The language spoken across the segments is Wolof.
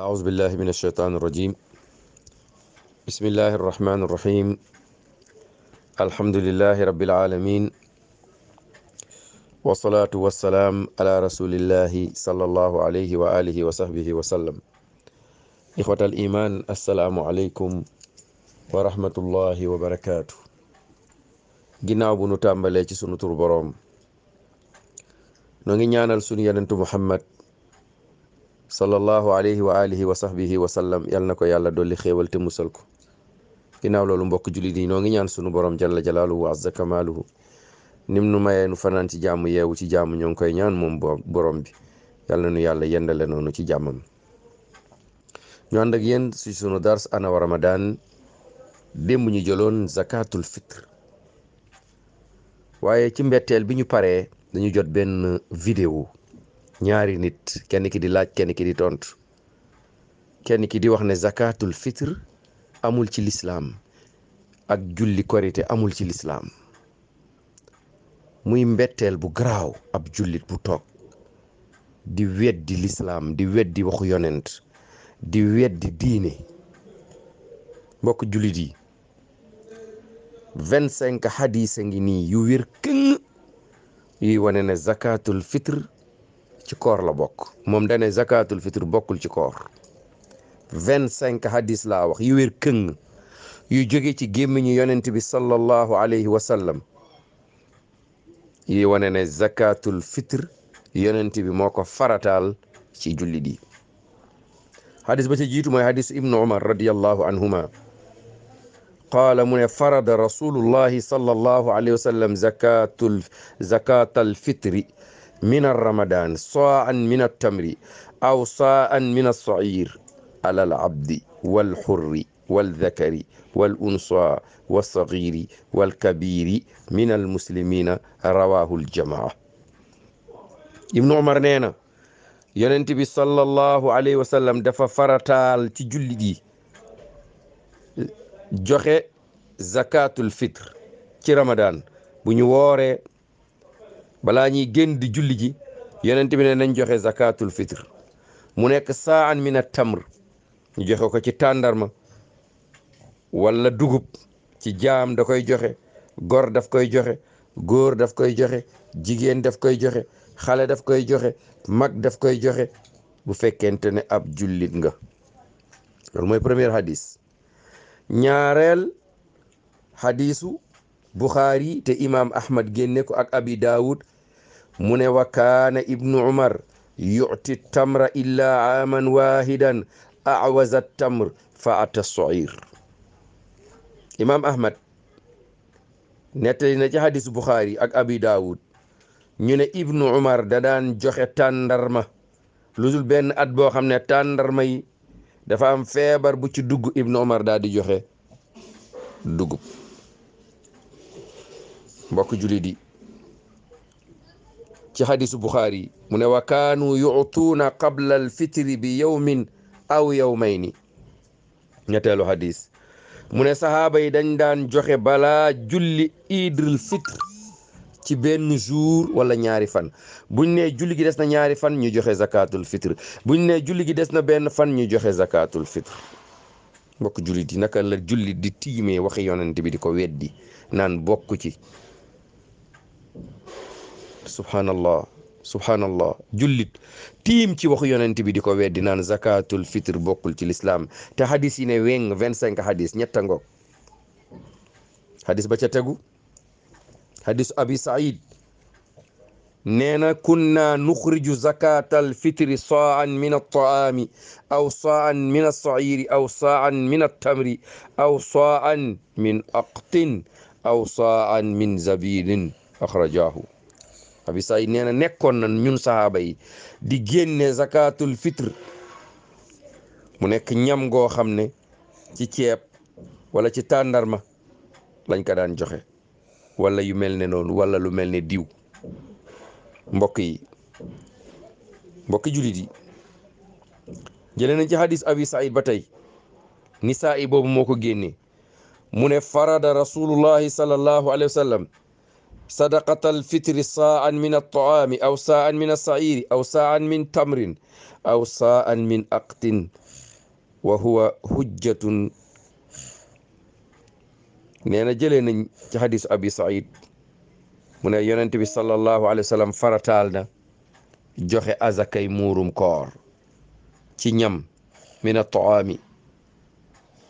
أعوذ بالله من الشيطان الرجيم بسم الله الرحمن الرحيم الحمد لله رب العالمين والصلاة والسلام على رسول الله صلى الله عليه وآله وصحبه وسلم إخوة الإيمان السلام عليكم ورحمة الله وبركاته ginnaaw bu nu tàmbalee ci sunu tur boroom noo ngi ñaanal sunu yenentu muhammad sallallahu alayhi wa alihi wa sahbihi wa sallam yal na ko yàlla dolli xéewal te musal ko ginnaaw loolu mbokk jullit yi noo ngi ñaan sunu borom jalla jalaaluhu wa azza kamaaluhu nim nu maye nu fanaan ci jàmm yeewu ci jàmm ñoo ngi koy ñaan moom borom bi yal na nu yàlla yendale noonu ci jàmmam ñu ànd ak yéen si sunu dars ana wa ramadan démb ñu joloon zakatul fitre waaye ci mbetteel bi ñu paree dañu jot benn vidéo ñaari nit kenn ki di laaj kenn ki di tontu kenn ki di wax ne zakatul fitr amul ci lislaam ak julli korite amul ci lislaam muy mbetteel bu garaaw ab jullit bu toog di weddi lislaam di weddi waxu yonent di weddi diine mbokk jullit yi vingt cinq xadiis a ngi nii yu wér këng yuy wane ne zakatul fitr ci koor la bokk moom dane zakatul fitre bokkul ci koor vingt cinq hadis laa wax yu wér këng yu jóge ci gémmiñu yonent bi sallallahu alayhi wa yi wane ne zakatul fitre yonent bi moo ko faratal ci jullit yi hadis ba ca jiitu mooy hadis ibnu umar radiallahu anhuma qaala mu ne farada rasulullahi sallallahu alayhi wa sallam zakatul fitri min arramadan sa'an min altamri aw sa'an min alsair ala alabdi walxurri walzakari walunsa walsagiri walkabiri min almuslimina rawahu aljamaa ibnu omar nee na yonent bi sallallahu alayhi wa sallam dafa farataal ci julli gi joxe zakatul fitre ci ramadan bu ñu balaa ñuy génn di julli ji yonent bi ne joxe zakatul fitre mu nekk saan min a tamr ñu joxe ko ci tàndarma walla dugub ci jaam da koy joxe gor daf koy joxe góor daf koy joxe jigéen daf koy joxe xale daf koy joxe mag daf koy joxe bu fekkente ne ab jullit nga loolu mooy premier hadis ñaareel hadisu Bukhari te imaam Ahmad génne ko ak Abi Daawud mu ne wa kaana ibnu umar yuti tamra illaa aaman waahidan awaza tamr fa ata soir imaam ahmad nettali na ci hadis buxaari ak abi daawud ñu ne ibnu umar da daan joxe tàndarma lu dul benn at boo xam ne tàndarma yi dafa am feebar bu ci dugg ibnu umar daal di joxe dugub mbokk jullit yi ci hadisu Buxaari yi mu ne wa kaanu yutuuna qabla alfitri bi min aw yawmayni ñetteelu hadis mu ne sahaaba yi dañ daan joxe balaa julli idril fitre ci benn jour wala ñaari fan buñ ne julli gi des na ñaari fan ñu joxe zakatul fitre buñ ne julli gi des na benn fan ñu joxe zakatul fitre mbokk jullit yi naka la jullit di tiimee waxi yonent bi di ko weddi naan bokk ci subhanallah subhanallah jullit tiim ci waxu yonent bi di ko weddi naan zakatul fitre bokkul ci lislaam te hadis yi ne weng vingt cinq hadis ñetta ngoog hadis ba ca hadis abi said nee kunna nuxriju zakatal fitri saan min altaami aw saan min aqtin aw saan min zabinin axrajahu abi saïd nee nekkoon na ñun sahaaba yi di génne zakatul fitre mu nekk ñam goo xam ne ci ceeb wala ci tàndarma lañ ko daan joxe wala yu mel ne noonu lu mel ne diw mbokk yi mbokki jullit yi jëlee nañ ci hadis abi ba tey nisaa yi boobu moo ko génnee mu ne farada rasulullahi sallallahu alayhi wa sallam صدقة الفطر صاعا من الطعام أو صاعا من الصعير أو صاعا من تمر أو صاعا من أقط وهو حجة nee na jëlee nañ ci xadis abi saïd mu ne yonent bi sallallahu alayhi wa sallam farataal joxe azakay muurum koor ci ñam min a toami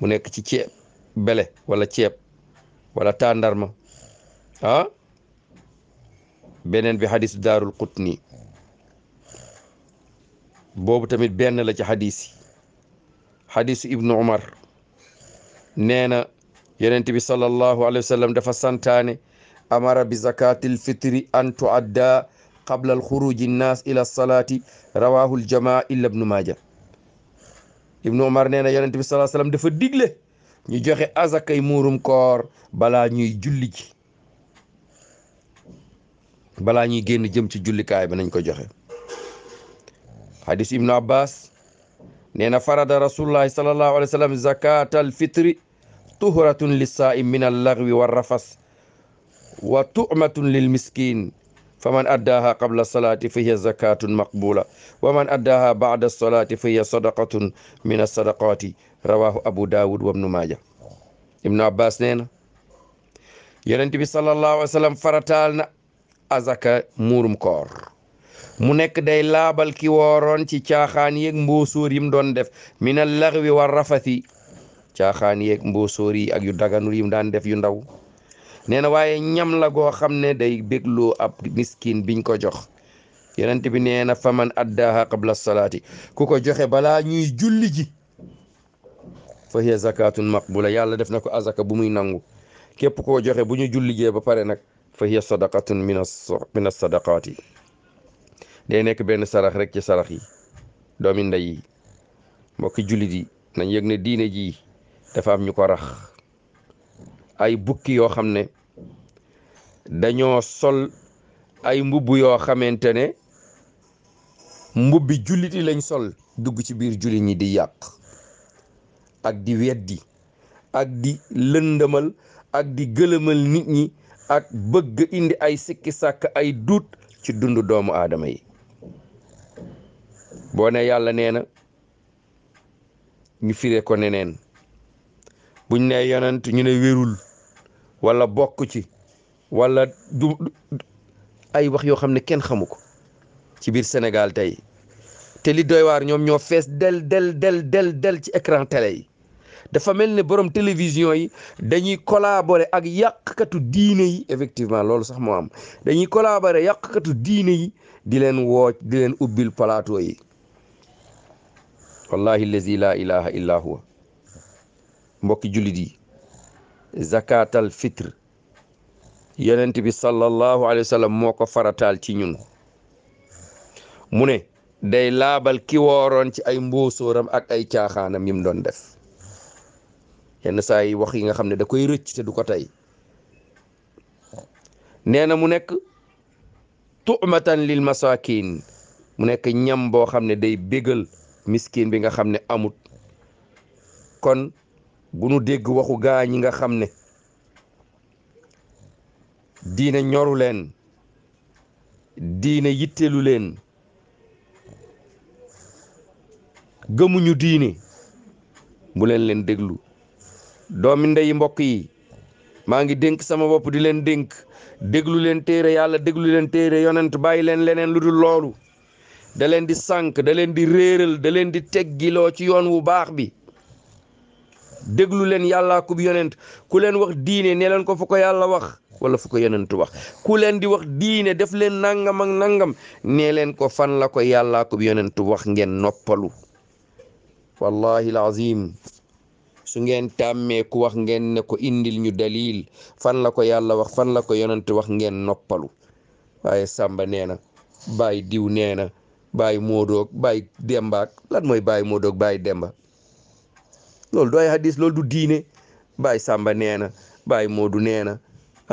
mu nekk ci ceeb bele wala ceeb wala tàndarma ah beneen bi xadis daarul qutni boobu tamit benn la ci xadis yi xadisu ibnu umar nee na yonent bi sallallahu alayhi wa sallam dafa santaane amara bi zakatil fitri an tuadda qabla al xuruji nnaas ila salaati rawahu ljamaa illa ibnu maaja ibnu umar nee na yonent bi sallallahu alayhi wa sallam dafa digle ñu joxe azakay muurum koor balaa ñuy julli ji balaa ñuy génn jëm ci jullikaay bi nañ ko joxe xadis ibnu abbas nee na farada rasulullahi sallallahu alayhi wa sallam zakata al fitri tuhratun lissaaim min al lagwi wa rafas wa tu'matun lil miskin fa man addaaha qabla salaati fa hiya zakatun maqbula wa man addaaha ba'da salaati fa hiya sadaqatun min as-sadaqaati abu daawud wa ibnu maaja ibnu abbas nee na bi sallallahu alayhi farataal na azaka muurum koor mu nekk day laabal ki wooroon ci caaxaan yeeg mbuusóor yim doon def minal laxwi war rafasi caaxaan yeeg mbuusóor yi ak yu daganul yim daan def yu ndaw nee na waaye ñam la goo xam ne day bégloo ab miskin biñ ko jox yonent bi nee na faman addaaha qabla salaati ku ko joxe balaa ñuy julli ji fa hiya zakatun maqbula yàlla def na ko azaka bu muy nangu képp koo joxe bu ñu julli ba pare nag fa hiya sadaqatun min as-sadaqaati day nekk benn sarax rekk ci sarax yi doomi ndey mbokki jullit yi nañ yëg ne diine ji dafa am ñu ko rax ay bukki yoo xam ne dañoo sol ay mbubb yoo xamante ne mbubbi jullit yi lañ sol dugg ci biir jullit ñi di yàq ak di weddi ak di lëndëmal ak di gëlëmal nit ñi ak bëgg indi ay sikki sàkk ay duut ci dundu doomu aadama yi boo ne yàlla nee na ñu firee ko neneen buñ ne yonent ñu ne wérul walla bokk ci wala du ay wax yoo xam ne kenn xamu ko ci biir senegal tey te li doy waar ñoom ñoo fees del del del del del ci ecrantele yi dafa mel ni borom télévision yi dañuy collaborer ak yàqkatu diine yi effectivement loolu sax moo am dañuy collaborer yàqkatu diine yi di leen wooj di leen ubbil plateau yi wallahi lazi la ilaha illa huwa mbokki jullit yi zakatal fitre yonent bi sallallahu alayhi wa sallam moo ko farataal ci ñun mu ne day laabal ki ci ay mbóosóoram ak ay caaxaanam yim doon def yenn saa yi wax yi nga xam ne da koy rëcc te du ko tey nee na mu nekk tu'matan lil masakin mu nekk ñam boo xam ne day bégal miskin bi nga xam ne amut kon bu nu dégg waxu gaa ñi nga xam ne diine ñoru leen diine yittelu leen gëmuñu diine bu leen leen déglu doomi ndey mbokk yi maa ngi dénk sama bopp di leen dénk déglu leen téere yàlla déglu leen téere yonent bàyyi leen leneen lu du loolu da leen di sànq da leen di réeral da leen di teggiloo ci yoon wu baax bi déglu leen yàlla kub yonent ku leen wax diine ne leen ko fu ko yàlla wax wala fu ko yonent wax ku leen di wax diine def leen nangam ak nangam nee leen ko fan la ko yàllaa kub yonent wax ngeen noppalu wallahi alazim su ngeen tàmmee wax ngeen ne ko indil ñu dalil fan la ko yàlla wax fan la ko yonante wax ngeen noppalu waaye sàmba nee na bàyyi diw nee na bàyyi moodoog mooy bàyyi moodoog bàyyi demba loolu du ay hadis loolu du diine bàyyi sàmba nee na bàyyi moodu nee na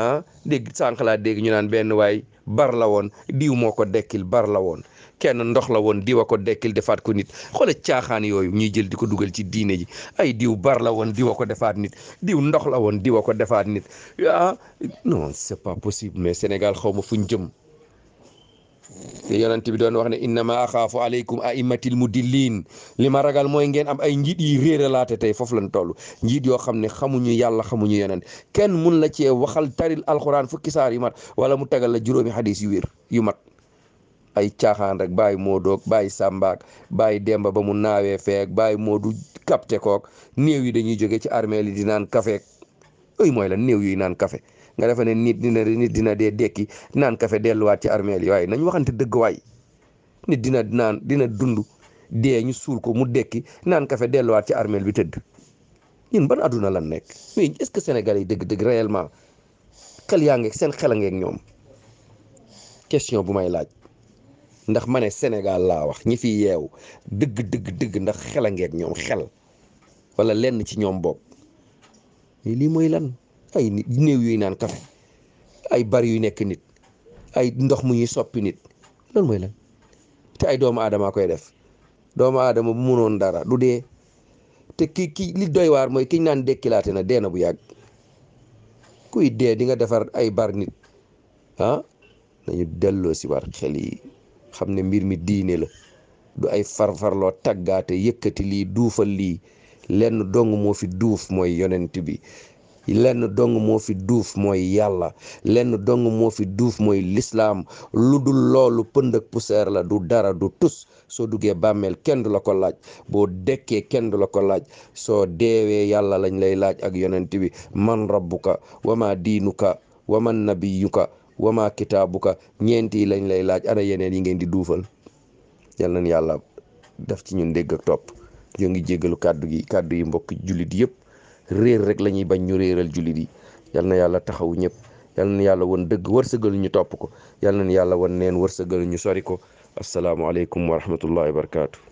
ah dégg sànq laa dégg ñu naan benn waay bar la woon diw moo ko dekkil bar la woon kenn ndox la woon diwa ko dekkil defaat ko nit xoole caaxaan yooyu ñuy jël di ko dugal ci diine ji ay diw bar la woon diwa ko defaat nit diw ndox la woon diwa ko defaat nit ah non c'est pas possible mais Sénégal xaw ma fu ñu jëm te bi doon wax ne innama axaafu aleykum aimatil mudillin li ma ragal mooy ngeen am ay njiit yi réeralaate tey foofu lañ toll njiit yoo xam ne xamuñu yàlla xamuñu yonent kenn mun la cee waxal taril alxuraan fukki saar yu mat wala mu tegal la juróomi xadis yu yu mat ay caaxaan rek bàyyi moodoog bàyyi sàmbaak bàyyi demba ba mu naawee feek bàyyi moodu kapte kook néew yi dañuy jóge ci armée li di naan kafeek ay mooy la néew yuy naan kafe nga defe ne nit dina dina dee dekki naan kafe delluwaat ci armée li waaye nañ waxante dëgg waay nit dina naan dina dund dee suul ko mu dekki naan kafe delluwaat ci armeel bi tëdd ñun ban adduna lan nekk mais est que Sénégal yi dëgg-dëgg réellement xel yaa ngeeg seen xel a ñoom question bu may laaj ndax ma ne Sénégal laa wax ñi fi yeew dëgg dëgg dëgg ndax xel a ngeeg ñoom xel wala lenn ci ñoom bopp lii mooy lan ay néew yuy naan kafe ay bari yu nekk nit ay ndox mu ñuy soppi nit loolu mooy lan te ay doomu aadama koy def doomu aadama bu mënoon dara du dee te ki ki li doy waar mooy kiñ naan dekkilaate na dee na bu yàgg kuy dee di nga defar ay bar nit ah nañu delloo si war xel yi xam ne mbir mi diine la du ay farfarloo taggaate yëkkati lii duufal lii lenn dong moo fi duuf mooy yonent bi lenn dong moo fi duuf mooy yàlla lenn dong moo duuf mooy lislaam lu dul loolu pënd ak poussière la du dara du tus soo duggee bàmmeel kenn du la ko laaj boo dekkee kenn du la ko laaj soo deewee yàlla lañ lay laaj ak yonent bi man rabbuka wa ma diinuka wa man nabiyuka wama kitaabuka ñeent yi lañ lay laaj ana yeneen yi ngeen di duufal yal nañ yàlla def ci ñu dégg topp ñoo ngi jéggalu kàddu gi kàddu yi mbokk jullit yëpp réer rek la ñuy bañ ñu réeral jullit yi yal na yàlla taxaw ñëpp yal na yàlla won dëgg wërsëgal ñu topp ko yal na yàlla won neen wërsëgal ñu sori ko asalaamualeykum wa rahmatullahi wa barakaatu.